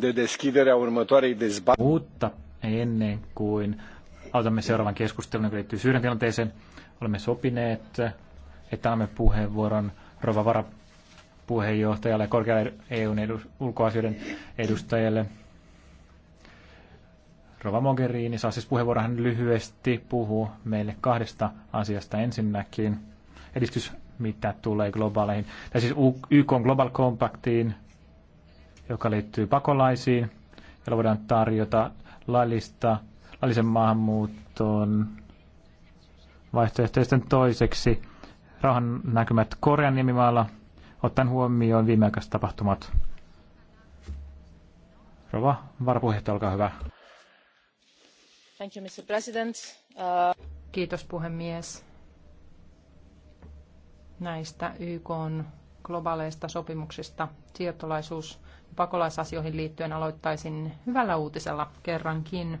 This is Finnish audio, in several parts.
de deschiderea următoarei dezbateri. Mutta ennen kuin aloitamme seuraavan keskustelun, joka liittyy Syyrian tilanteeseen, olemme sopineet, että annamme puheenvuoron Rova Vara puheenjohtajalle ja korkealle EUn edus, ulkoasioiden edustajalle. Rova Mogherini saa siis puheenvuoron. Hän lyhyesti puhuu meille kahdesta asiasta ensinnäkin. Edistys, mitä tulee globaaleihin, tai siis YK Global Compactiin joka liittyy pakolaisiin, jolla voidaan tarjota laillista, laillisen maahanmuuton vaihtoehtoisten toiseksi rauhan näkymät Korean nimimaalla, ottaen huomioon viimeaikaiset tapahtumat. Rova, varapuheenjohtaja, olkaa hyvä. Thank you, Mr. President. Uh... Kiitos puhemies näistä YK globaaleista sopimuksista siirtolaisuus pakolaisasioihin liittyen aloittaisin hyvällä uutisella kerrankin.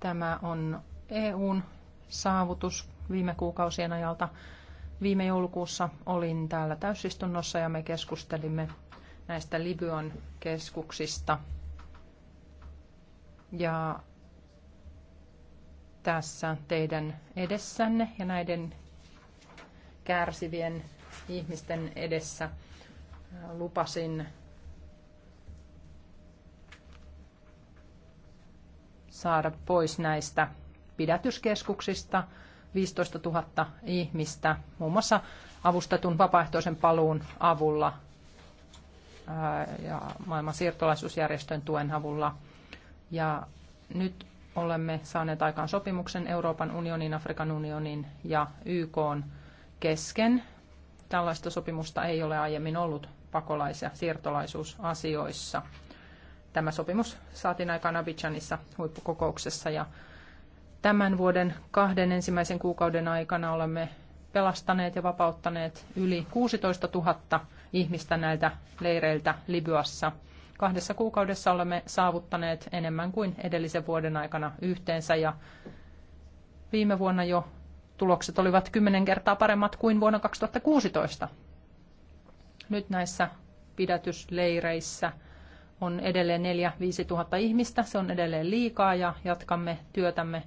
Tämä on EUn saavutus viime kuukausien ajalta. Viime joulukuussa olin täällä täysistunnossa ja me keskustelimme näistä Libyan keskuksista. Ja tässä teidän edessänne ja näiden kärsivien ihmisten edessä lupasin saada pois näistä pidätyskeskuksista 15 000 ihmistä muun muassa avustetun vapaaehtoisen paluun avulla ja maailman siirtolaisuusjärjestön tuen avulla. Ja nyt olemme saaneet aikaan sopimuksen Euroopan unionin, Afrikan unionin ja YK kesken. Tällaista sopimusta ei ole aiemmin ollut pakolais- ja siirtolaisuusasioissa. Tämä sopimus saatiin aikaan Abidjanissa huippukokouksessa ja tämän vuoden kahden ensimmäisen kuukauden aikana olemme pelastaneet ja vapauttaneet yli 16 000 ihmistä näiltä leireiltä Libyassa. Kahdessa kuukaudessa olemme saavuttaneet enemmän kuin edellisen vuoden aikana yhteensä ja viime vuonna jo tulokset olivat kymmenen kertaa paremmat kuin vuonna 2016. Nyt näissä pidätysleireissä on edelleen 4-5 tuhatta ihmistä. Se on edelleen liikaa ja jatkamme työtämme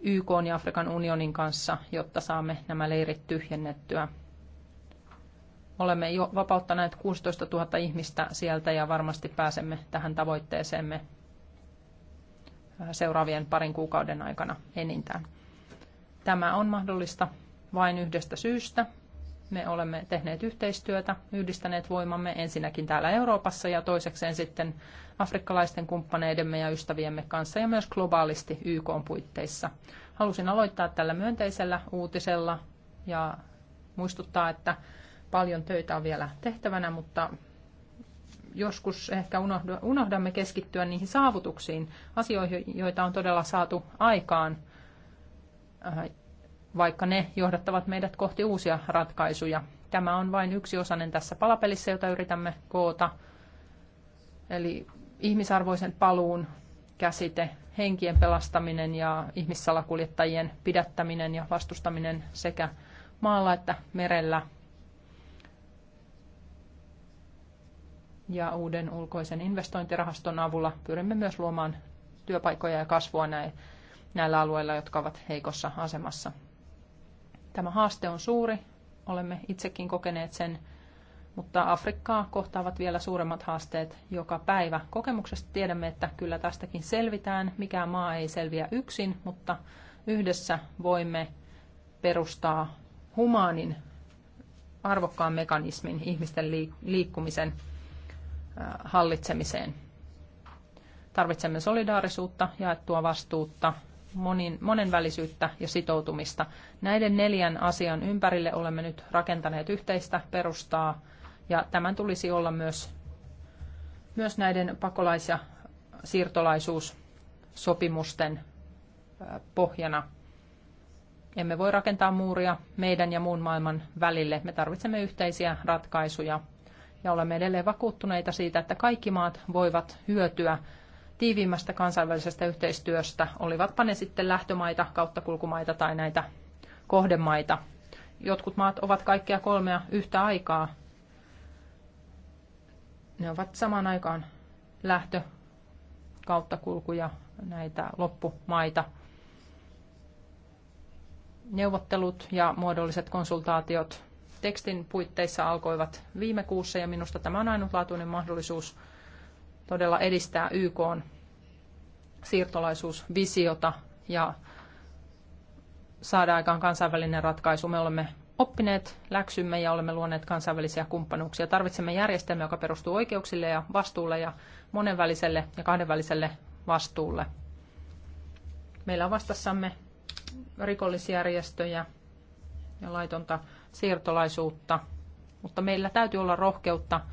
YK ja Afrikan unionin kanssa, jotta saamme nämä leirit tyhjennettyä. Olemme jo vapauttaneet 16 000 ihmistä sieltä ja varmasti pääsemme tähän tavoitteeseemme seuraavien parin kuukauden aikana enintään. Tämä on mahdollista vain yhdestä syystä, me olemme tehneet yhteistyötä, yhdistäneet voimamme ensinnäkin täällä Euroopassa ja toisekseen sitten afrikkalaisten kumppaneidemme ja ystäviemme kanssa ja myös globaalisti YK puitteissa. Halusin aloittaa tällä myönteisellä uutisella ja muistuttaa, että paljon töitä on vielä tehtävänä, mutta joskus ehkä unohdamme keskittyä niihin saavutuksiin, asioihin, joita on todella saatu aikaan äh, vaikka ne johdattavat meidät kohti uusia ratkaisuja. Tämä on vain yksi osanen tässä palapelissä, jota yritämme koota. Eli ihmisarvoisen paluun käsite, henkien pelastaminen ja ihmissalakuljettajien pidättäminen ja vastustaminen sekä maalla että merellä ja uuden ulkoisen investointirahaston avulla pyrimme myös luomaan työpaikkoja ja kasvua näillä alueilla, jotka ovat heikossa asemassa. Tämä haaste on suuri, olemme itsekin kokeneet sen, mutta Afrikkaa kohtaavat vielä suuremmat haasteet joka päivä. Kokemuksesta tiedämme, että kyllä tästäkin selvitään. mikä maa ei selviä yksin, mutta yhdessä voimme perustaa humaanin arvokkaan mekanismin ihmisten liikkumisen hallitsemiseen. Tarvitsemme solidaarisuutta, jaettua vastuutta monin, monenvälisyyttä ja sitoutumista. Näiden neljän asian ympärille olemme nyt rakentaneet yhteistä perustaa ja tämän tulisi olla myös, myös näiden pakolais- ja siirtolaisuussopimusten pohjana. Emme voi rakentaa muuria meidän ja muun maailman välille. Me tarvitsemme yhteisiä ratkaisuja ja olemme edelleen vakuuttuneita siitä, että kaikki maat voivat hyötyä tiiviimmästä kansainvälisestä yhteistyöstä, olivatpa ne sitten lähtömaita, kauttakulkumaita tai näitä kohdemaita. Jotkut maat ovat kaikkia kolmea yhtä aikaa. Ne ovat samaan aikaan lähtö, kauttakulku ja näitä loppumaita. Neuvottelut ja muodolliset konsultaatiot tekstin puitteissa alkoivat viime kuussa ja minusta tämä on ainutlaatuinen mahdollisuus todella edistää YK siirtolaisuusvisiota ja saada aikaan kansainvälinen ratkaisu. Me olemme oppineet läksymme ja olemme luoneet kansainvälisiä kumppanuuksia. Tarvitsemme järjestelmä, joka perustuu oikeuksille ja vastuulle ja monenväliselle ja kahdenväliselle vastuulle. Meillä on vastassamme rikollisjärjestöjä ja laitonta siirtolaisuutta, mutta meillä täytyy olla rohkeutta –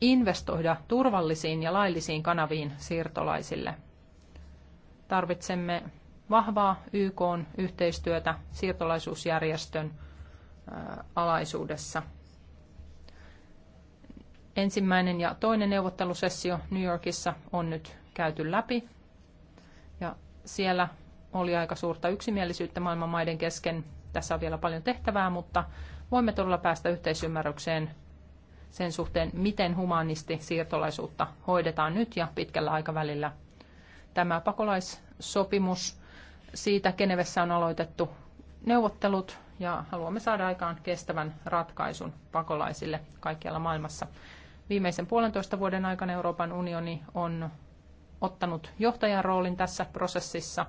investoida turvallisiin ja laillisiin kanaviin siirtolaisille. Tarvitsemme vahvaa YK-yhteistyötä siirtolaisuusjärjestön alaisuudessa. Ensimmäinen ja toinen neuvottelusessio New Yorkissa on nyt käyty läpi. Ja siellä oli aika suurta yksimielisyyttä maailman maiden kesken. Tässä on vielä paljon tehtävää, mutta voimme todella päästä yhteisymmärrykseen sen suhteen, miten humanisti siirtolaisuutta hoidetaan nyt ja pitkällä aikavälillä. Tämä pakolaissopimus, siitä Genevessä on aloitettu neuvottelut ja haluamme saada aikaan kestävän ratkaisun pakolaisille kaikkialla maailmassa. Viimeisen puolentoista vuoden aikana Euroopan unioni on ottanut johtajan roolin tässä prosessissa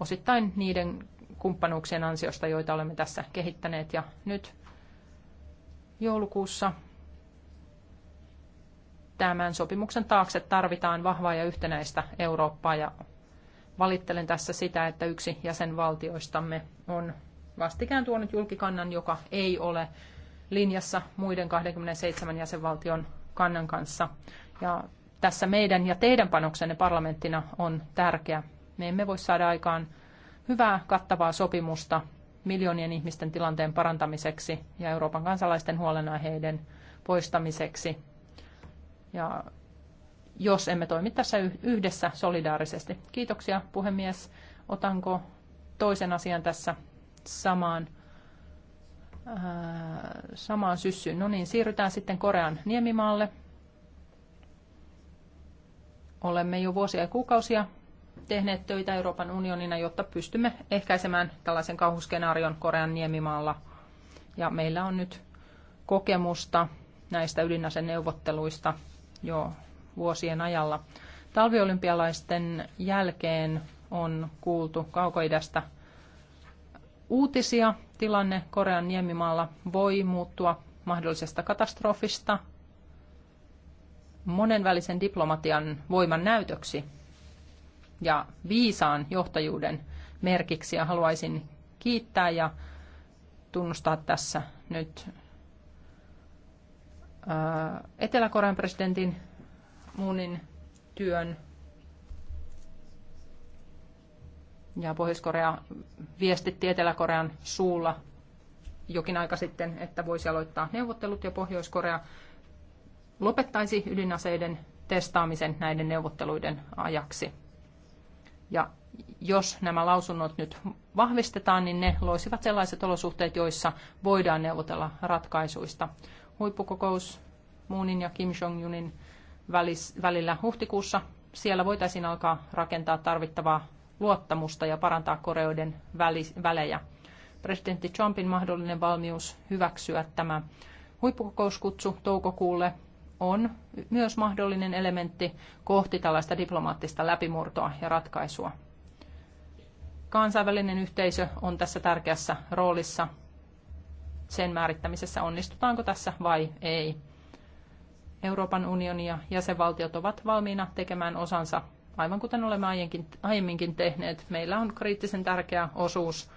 osittain niiden kumppanuuksien ansiosta, joita olemme tässä kehittäneet. Ja nyt joulukuussa tämän sopimuksen taakse tarvitaan vahvaa ja yhtenäistä Eurooppaa ja valittelen tässä sitä, että yksi jäsenvaltioistamme on vastikään tuonut julkikannan, joka ei ole linjassa muiden 27 jäsenvaltion kannan kanssa. Ja tässä meidän ja teidän panoksenne parlamenttina on tärkeä. Me emme voi saada aikaan hyvää kattavaa sopimusta miljoonien ihmisten tilanteen parantamiseksi ja Euroopan kansalaisten huolenaiheiden poistamiseksi ja jos emme toimi tässä yhdessä solidaarisesti. Kiitoksia puhemies. Otanko toisen asian tässä samaan, ää, äh, samaan syssyyn? No niin, siirrytään sitten Korean niemimaalle. Olemme jo vuosia ja kuukausia tehneet töitä Euroopan unionina, jotta pystymme ehkäisemään tällaisen kauhuskenaarion Korean niemimaalla. Ja meillä on nyt kokemusta näistä ydinaseneuvotteluista neuvotteluista jo vuosien ajalla. Talviolympialaisten jälkeen on kuultu kaukoidästä uutisia. Tilanne Korean niemimaalla voi muuttua mahdollisesta katastrofista monenvälisen diplomatian voiman näytöksi ja viisaan johtajuuden merkiksi. Ja haluaisin kiittää ja tunnustaa tässä nyt Äh, Etelä-Korean presidentin Muunin työn ja Pohjois-Korea viestitti Etelä-Korean suulla jokin aika sitten, että voisi aloittaa neuvottelut ja Pohjois-Korea lopettaisi ydinaseiden testaamisen näiden neuvotteluiden ajaksi. Ja jos nämä lausunnot nyt vahvistetaan, niin ne loisivat sellaiset olosuhteet, joissa voidaan neuvotella ratkaisuista huippukokous Moonin ja Kim Jong-unin välillä huhtikuussa. Siellä voitaisiin alkaa rakentaa tarvittavaa luottamusta ja parantaa Koreoiden välejä. Presidentti Trumpin mahdollinen valmius hyväksyä tämä huippukokouskutsu toukokuulle on myös mahdollinen elementti kohti tällaista diplomaattista läpimurtoa ja ratkaisua. Kansainvälinen yhteisö on tässä tärkeässä roolissa sen määrittämisessä, onnistutaanko tässä vai ei. Euroopan unioni ja jäsenvaltiot ovat valmiina tekemään osansa, aivan kuten olemme aiemminkin tehneet. Meillä on kriittisen tärkeä osuus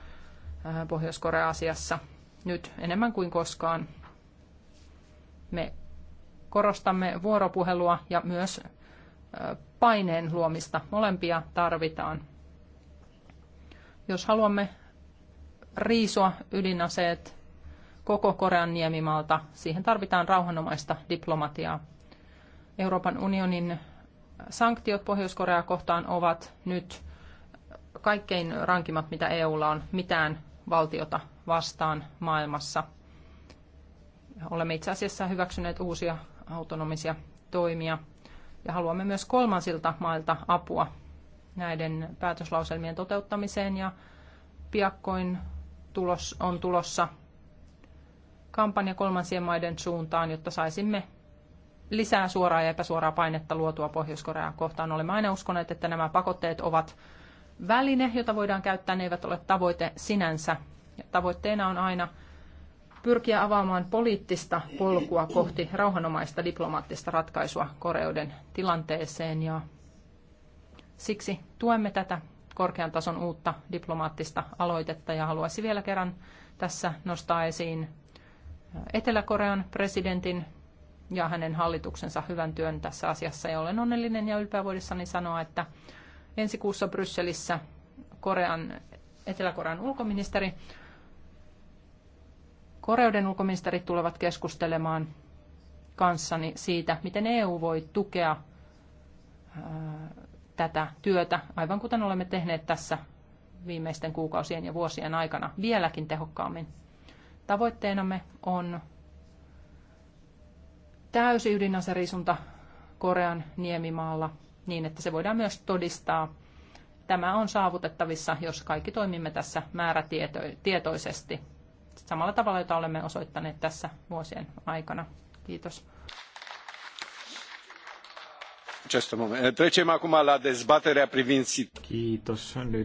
Pohjois-Korea-asiassa nyt enemmän kuin koskaan. Me korostamme vuoropuhelua ja myös paineen luomista. Molempia tarvitaan. Jos haluamme riisua ydinaseet koko Korean niemimalta. Siihen tarvitaan rauhanomaista diplomatiaa. Euroopan unionin sanktiot Pohjois-Koreaa kohtaan ovat nyt kaikkein rankimmat, mitä EUlla on mitään valtiota vastaan maailmassa. Olemme itse asiassa hyväksyneet uusia autonomisia toimia ja haluamme myös kolmansilta mailta apua näiden päätöslauselmien toteuttamiseen ja piakkoin tulos on tulossa kampanja kolmansien maiden suuntaan, jotta saisimme lisää suoraa ja epäsuoraa painetta luotua Pohjois-Koreaa kohtaan. Olemme aina uskoneet, että nämä pakotteet ovat väline, jota voidaan käyttää, ne eivät ole tavoite sinänsä. Ja tavoitteena on aina pyrkiä avaamaan poliittista polkua kohti rauhanomaista diplomaattista ratkaisua Koreuden tilanteeseen ja siksi tuemme tätä korkean tason uutta diplomaattista aloitetta ja haluaisin vielä kerran tässä nostaa esiin Etelä-Korean presidentin ja hänen hallituksensa hyvän työn tässä asiassa. Ja olen onnellinen ja ylpeä voidessani sanoa, että ensi kuussa Brysselissä Korean, Etelä-Korean ulkoministeri, Koreuden ulkoministerit tulevat keskustelemaan kanssani siitä, miten EU voi tukea tätä työtä, aivan kuten olemme tehneet tässä viimeisten kuukausien ja vuosien aikana vieläkin tehokkaammin. Tavoitteenamme on täysi ydinaseriisunta Korean niemimaalla niin, että se voidaan myös todistaa. Tämä on saavutettavissa, jos kaikki toimimme tässä määrätietoisesti samalla tavalla, jota olemme osoittaneet tässä vuosien aikana. Kiitos. Kiitos. Nyt